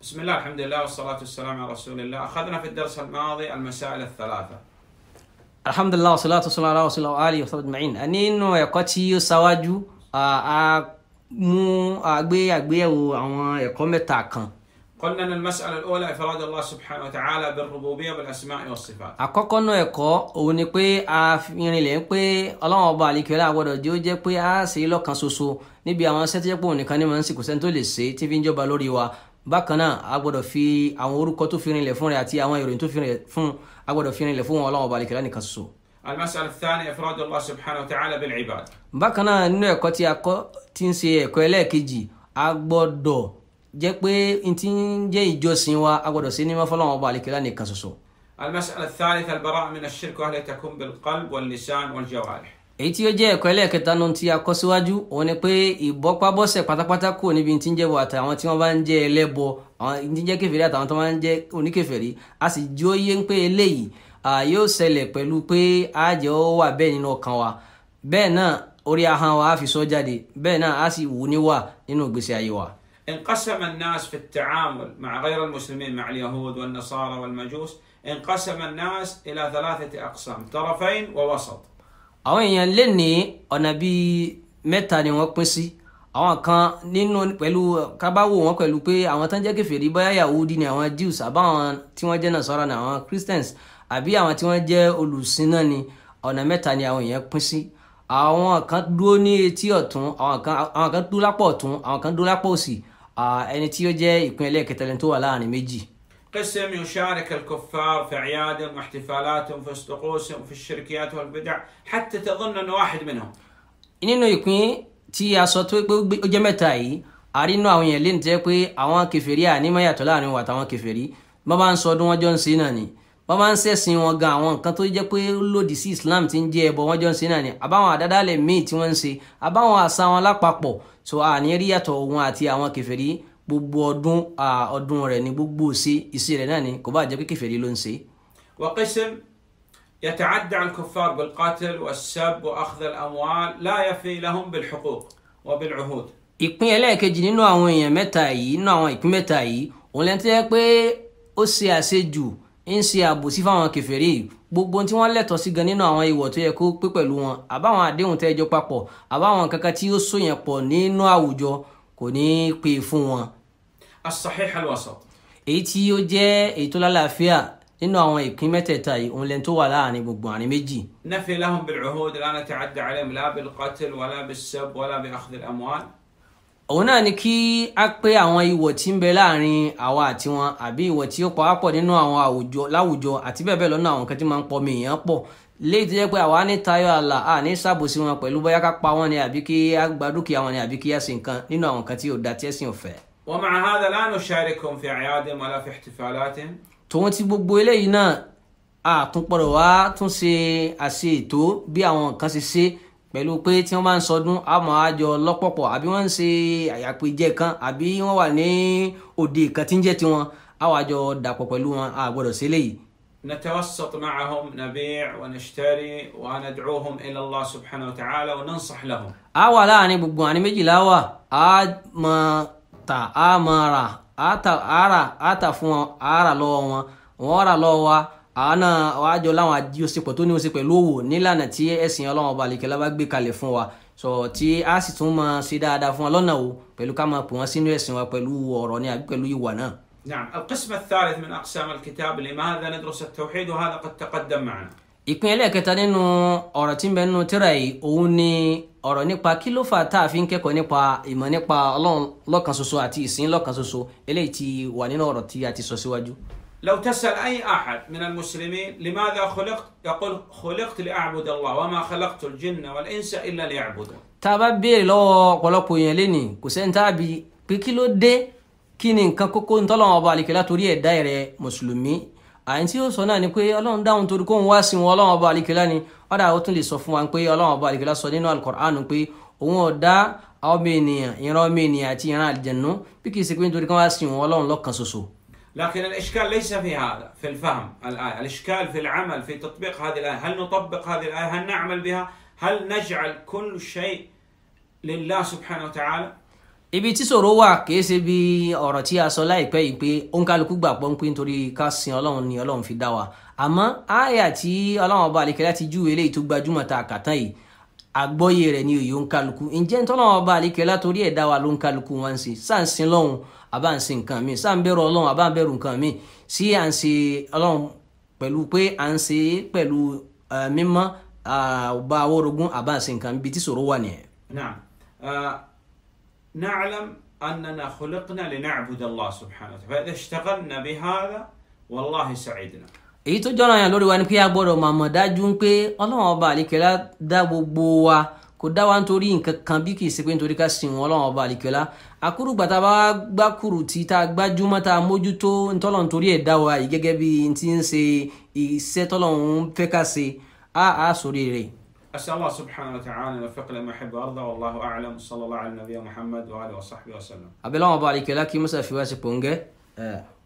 بسم الله الحمد لله والصلاة والسلام على رسول الله أخذنا في الدرس الماضي المسائل الثلاثة الحمد لله والصلاة والسلام على رسول الله وآله وصحبه أجمعين أنين ويقاتي سواجو مو àgbéyàgbéyàwó àwọn ẹ̀kọ́ mẹ́ta kan. قلنا أن المسألة الأولى إفراد الله سبحانه وتعالى بالربوبية بالأسماء والصفات. àkọ́kọ́ نو ẹ̀kọ́ òun ni pé a fi rinlẹ̀ pé ọlọ́run ọba àlekèọ́lá gbọ́dọ̀ jẹ́ ó jẹ́ pé a ṣe é lọ́kan ṣoṣo níbi àwọn iṣẹ́ tó bákan náà a gbọ́dọ̀ fi àwọn orúkọ tó fi rinlẹ̀ fún rẹ̀ àti àwọn ìròyìn tó fi rinlẹ̀ fún a gbọ́dọ̀ fi rinlẹ̀ fún wọn ọlọ́wọ́n balẹ̀ kẹlẹ́ nìkan ṣoṣo. المسألة الثانية إفراد الله سبحانه bákan náà nínú ẹ̀kọ́ tí a kọ́ tí ń ṣe ẹ̀kọ́ ẹlẹ́ẹ̀kejì a gbọ́dọ̀ jẹ́ pé n ti ń jẹ́ ìjọsìn wa a gbọ́dọ̀ ṣe ní mọ́fọ́lọ́wọ́n balẹ̀ kẹlẹ́ nìkan ṣoṣo. المسألة الثالثة البراءة من الشرك وهل تكون بالقلب واللسان والجوارح. èyí tí ó jẹ́ ẹ̀kọ́ ẹlẹ́ẹ̀kẹta nu tí a kọ́ síwájú òun ni pé ìbọ́pábọ́sẹ̀ pátápátá kù níbi tí ń jẹ́ bọ àtàwọn tí wọ́n bá ń jẹ́ ẹlẹ́bọ àwọn tí ń jẹ́ kèfèrí àtàwọn tí wọ́n bá ń jẹ́ oníkèfèrí a sì jó ó yé pé eléyìí yóò ṣẹlẹ̀ pẹ̀lú pé àjẹ́ ó wà a jẹ ọ wà nínú ọkàn wa bẹ́ẹ̀ náà orí ahọ́n wa á fi sọ jáde bẹ́ẹ̀ náà á sì wù níwà nínú ìgbésí ayé wa. انقسم الناس في التعامل مع غير المسلمين مع اليهود والنصارى والمجوس انقسم الناس إلى ثلاثة أقسام طرفين ووسط àwọn èèyàn lè ní ọ̀nà bíi mẹ́ta ni wọ́n pín sí àwọn kan nínú pẹ̀lú kábáwò wọn pẹ̀lú pé àwọn tó ń jẹ́ kèfèrí bóyá Yahudi ni àwọn Jews àbáwọn tí wọ́n jẹ́ Nasara ni àwọn Christians àbí àwọn tí wọ́n jẹ́ olùsìn náà ni ọ̀nà mẹ́ta ni àwọn èèyàn pín sí àwọn kan dúró ní etí ọ̀tún àwọn kan dúró lápò ọ̀tún àwọn kan dúró lápò òsì ẹni tí ó jẹ́ ìpín ẹlẹ́ẹ̀kẹtẹlẹ tó wà láàrin méjì قسم يشارك الكفار في اعيادهم واحتفالاتهم في طقوسهم في الشركيات والبدع حتى تظن انه واحد منهم nínú ìpín tí a sọ tó pé ó jẹ́ mẹ́ta yìí a rí inú àwọn èèyàn lé ní tẹ́ pé àwọn kẹfẹ́rí ànímọ́ yàtọ̀ láàrin wọn àtàwọn kẹfẹ́rí bá bá ń sọ ọdún wọn jọ ń ṣe náà ni bá bá ń ṣẹ̀sìn wọn gan àwọn nǹkan tó jẹ́ pé lòdì sí Islam ti ń jẹ́ ẹbọ wọn jọ ń ṣe náà ni àbáwọn àdádálẹ̀ míì tí wọ́n ń ṣe àbáwọn àṣà wọn lápapọ̀ tó àní rí yàtọ̀ òun àti àwọn kẹfẹ́rí gbogbo ọdún ọdún rẹ̀ ni gbogbo ṣe ìṣe rẹ̀ náà ni kò bá jẹ́ pé kèfèrí ló ń ṣe. وقسم يتعدى على الكفار بالقتل والسب وأخذ الأموال لا يفي لهم بالحقوق وبالعهود. ìpín ẹlẹ́ẹ̀kejì nínú àwọn èèyàn mẹ́ta yìí nínú àwọn ìpín mẹ́ta yìí òun lẹ́ni tó yẹ pé ó ṣe àṣejù ń ṣe àbòsí fáwọn kèfèrí gbogbo tí wọ́n lẹ́tọ̀ọ́ sí gan nínú àwọn ìwọ̀ tó yẹ kó pé pẹ̀lú wọn àbáwọn àdéhùn tẹ́jọ papọ̀ àbáwọn kankan tí ó so yẹn nínú àwùjọ kò ní í pè fún wọn as-sahih al-wasat. èyí tí ó jẹ́ èyí tó lálàáfíà nínú àwọn ìpín mẹ́tẹ̀ẹ̀ta yìí òun lẹ́nu tó wà láàrin gbogbo àárín méjì. nafi lahum bil-'uhud la nata'adda 'alayhim la bil-qatl wala bis-sabb wala bi-akhdh al-amwal. òun náà ni kí a pé àwọn ìwọ̀ tí ń bẹ láàrin àwa àti wọn àbí ìwọ̀ tí ó pawápọ̀ nínú àwọn àwùjọ láwùjọ àti bẹ́ẹ̀ bẹ́ẹ̀ lọ́nà àwọn kan tí máa ń pọ̀ mí èèyàn pọ̀ léyìí tó jẹ́ pé àwa ní tayọ àlà à ní ṣàbòsí wọn pẹ̀lú bóyá ká pa wọn ni àbí kí á gba dúkìá wọn ni àbí kí á ṣe nǹkan nínú àwọn kan tí ò da tí ẹ̀sìn ò ومع هذا لا نشاركهم في أعيادهم ولا في احتفالاتهم tòun ti gbogbo eléyìí náà a tún gbọ́dọ̀ wá tún ṣe àṣe ètò bí àwọn nǹkan ṣe ṣe pẹ̀lú pé tí wọ́n bá ń sọdún a máa jọ lọ́pọ̀pọ̀ àbí wọ́n ń ṣe àyàpéjẹ kan àbí wọ́n wà ní òde kan tí ń jẹ́ tiwọn a wà dàpọ̀ pẹ̀lú wọn a gbọ́dọ̀ eléyìí. نتوسط معهم نبيع ونشتري وندعوهم إلى الله سبحانه وتعالى وننصح لهم. àwa láàrin gbogbo àní méjìlá wa a tà á máa rà á rà fún wọn lọ́wọ́ wọn wọn rà lọ́wọ́ wa àwọn náà wàá jọ láwọn àjọṣepọ̀ tó ní oṣù pẹ̀lú òwò nílànà tí ẹ̀sìn ọlọ́wọ́n ọba àlèkè lábá gbé kalẹ̀ fún wa sọ tí a sì tún máa ṣe dáadáa fún wa lọ́nà o pẹ̀lú ká máa pè wọ́n sínú ẹ̀sìn wa pẹ̀lú ọ̀rọ̀ ni àbí pẹ̀lú ìwà náà. نعم القسم الثالث من أقسام الكتاب لماذا ندرس التوحيد وهذا قد تقدم معنا. ìpín ẹlẹ́ẹ̀kẹta nínú ọ̀rọ̀ tí ń bẹ nínú tírà yìí òun ni ọ̀rọ̀ nípa kí ló fà tá a fi ń kẹ́kọ̀ọ́ nípa ìmọ̀ nípa ọlọ́run lọ́kan ṣoṣo àti ìsìn lọ́kan ṣoṣo eléyìí ti wà nínú ọ̀rọ̀ tí a ti sọ síwájú. لو تسأل أي أحد من المسلمين لماذا خلقت يقول خلقت لأعبد الله وما خلقت الجن والإنس إلا ليعبدون tá a bá béèrè lọ́wọ́ ọ̀pọ̀lọpọ̀ èèyàn lénìí kò sẹ́ni tá a bi pé kí ló dé kí ni nǹkan kókó ń tọ́lọ́wọ́n ọba àlekèlá torí ẹ̀dá ẹ̀rẹ̀ mùsùlùmí àyìn tí ó sọ náà ni pé ọlọ́run dáhùn torí kóun wá sí wọn ọlọ́run ọba àlekèlá ni ọ̀dà ó tún lè sọ fún wa pé ọlọ́run ọba àlekèlá sọ nínú alukur'an pé òun ọ̀dá ọmọ ènìyàn ìran ọmọ ènìyàn àti ìran àlìjẹ̀nú bí kì í ṣe pé nítorí kí wọ́n wá sí wọn ọlọ́run lọ́kàn ṣoṣo. لكن الإشكال ليس في هذا في الفهم الآية الإشكال في العمل في تطبيق هذه الآية هل نطبق هذه الآية هل نعمل بها هل نجعل كل شيء لله سبحانه وتعالى ibi tí ṣòro wà kìí ṣe bí ọ̀rọ̀ tí a sọ láìpẹ́ yìí pé òǹkálukú gbà pọ́npé nítorí ká sin ọlọ́run ni ọlọ́run fi dá wa àmọ́ àyà tí ọlọ́run ọba àlekẹ́lá ti júwe eléyìí tó gbajúmọ̀ tá a kà tán yìí àgbọ́yé rẹ̀ ní òye òǹkálukú ǹjẹ́ ntọ́lọ́run ọba àlekẹ́lá torí ẹ̀ dá wa ló òǹkálukú wọn ṣe sáà ń sin lọ́hùn àbá ń sin nǹkan míì sáà ń bẹ̀rù ọlọ́run àbá ń bẹ̀rù nǹkan míì sí à ń ọlọ́run pẹ̀lú pé à pẹ̀lú mímọ́ ọba awórogún àbá ń sin nǹkan tí ṣòro wà nìyẹn. نعلم أننا خلقنا لنعبد الله سبحانه وتعالى فإذا اشتغلنا بهذا والله سعدنا èyí tó jọ́ra yàn lórí wa ni pé a gbọ́dọ̀ máa mọ̀ dájú pé ọlọ́run ọba àlekèlá dá gbogbo wa kò dá wa nítorí nǹkan kan bí kì ṣe pé nítorí ká sìn wọn ọlọ́run ọba àlekèlá àkúrùgbà tá a bá gbá kùrùtì tá a gbájúmọ́ tá a mójútó ntọ́lọ̀ nítorí ẹ̀ dá wa yìí gẹ́gẹ́ bí n ti ń ṣe iṣẹ́ tọ́lọ̀ ń fẹ́ ká ṣe á á sórí rẹ̀. أسأل الله سبحانه وتعالى أن يوفق لما يحب ويرضى والله أعلم صلى الله على النبي محمد وآله وصحبه وسلم. أبي الله مبارك لك مسألة في واسع بونجي. آه.